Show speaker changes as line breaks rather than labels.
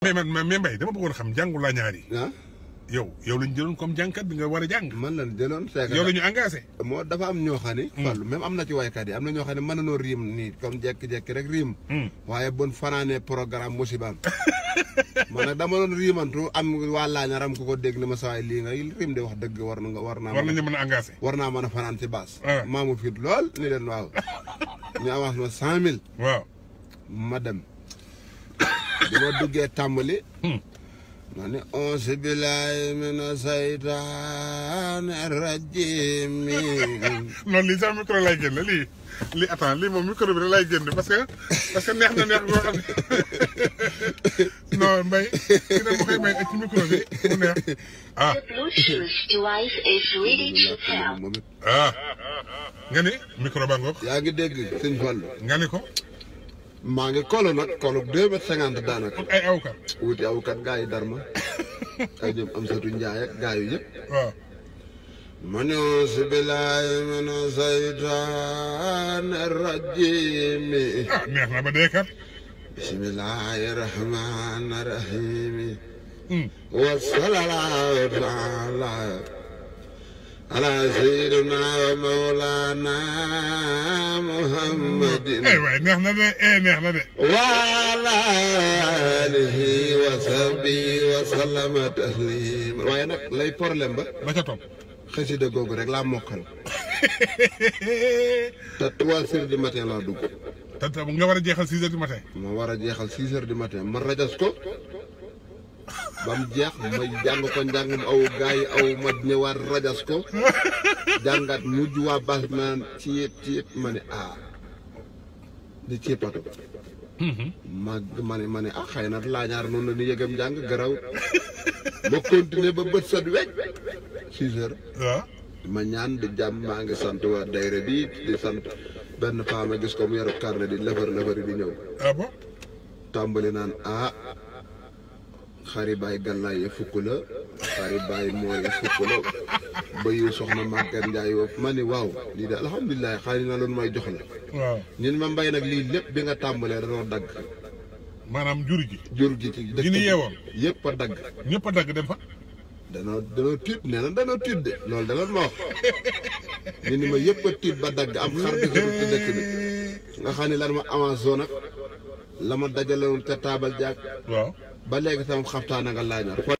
mais man mais Mbaye dama bëggoon xam jàngu la ñaari. Ah? yow yow lañ jëloon comme jàngkat bi nga war a jàng. man lañ jëloon seeka yow la ñu engagé. moo dafa am ñoo xam ne. Hmm. am na ci waykat yi am na ñoo xam ne mën nañoo riim nii comme jekki-jekki rek riim. Hmm. waaye bon fanaanee programme musibaam. man nag dama doon riimantu am waa laañar am ku ko dégg ne ma saa lii nga riim wax dëgg war na war naa. war nañu mën a engagé. war naa mën a fanaan ci baas. Ah. maamu fiit lool ni leen waaw. ñu avance ma cent mille. waaw ma dem. bi ma duggee tàmbali hmm. ma ne onze billahi mina saytaane rajim noonu lii sax micro lay génne lii lii attends lii bi da lay génne parce que na neex boo xam mbay ki ne koy bi mu neex ah. ah. nga ni micro ba yaa ngi dégg sëñ Fall ko maa ngi kolo nag kolo deux mètres cinquante daanaka. ay awkat wuti awkat gaa yi dar ma ay ñoom am satu njaay ak gaa yu yëpp. man auzu billaahi ah, neex na ba dee kat. bismillaahi rahmaani rahiim. Hmm. wa sallallahu taala على سيدنا ومولانا محمد ايوه محمد ايه محمد وعلى اله وصحبه وسلم تسليما waaye nag lay problème ba ba ca topp xasida googu rek laa mokkal te trois heures du matin laa dugg te nga war a jeexal six heures du matin ma war a jeexal six heures du matin ma rajas ko ba mu jeex ma jàng ko njàngum aw gaa yi aw ma ñëwaat rajas ko jàngaat mujj waa bas naan ci yëpp ci yëpp ma ne ah di ci pato ma ma ne ma ne ah, xëy na laañaar noonu la ni yëgam njàng garaw ma continuer ba bët set wecc six ah. ma ñaan di jàmm maa ngi sant waa dayre bi di sant benn femme gis ko mu yaru carnet di lëfër lëfër di ñëw ah tàmbali naan ah xari baay gàllaay ya fukk la xari baay moor ya fukk la ba yow soxna Maguette Ndiaye woof ma ne waaw lii de alhamdulilah xaari na loolu may jox la. waaw ñun ma mbay nag lii lépp bi nga tàmbalee danoo dagg. maanaam jur gi. jur gi ci dëkk gi ni yeewoon yëpp a dagg. ñëpp a dagg dem fa. danoo danoo tiit nee na danoo tiit de loolu da doon ma wax ñu ni ma yëpp a tiit ba dagg am xar bi ci dëkk bi nga xam ne lan ma avance zone ak la ma dajale woon ca taabal jaag. waaw. ba léegi sama xabtaan nga laaj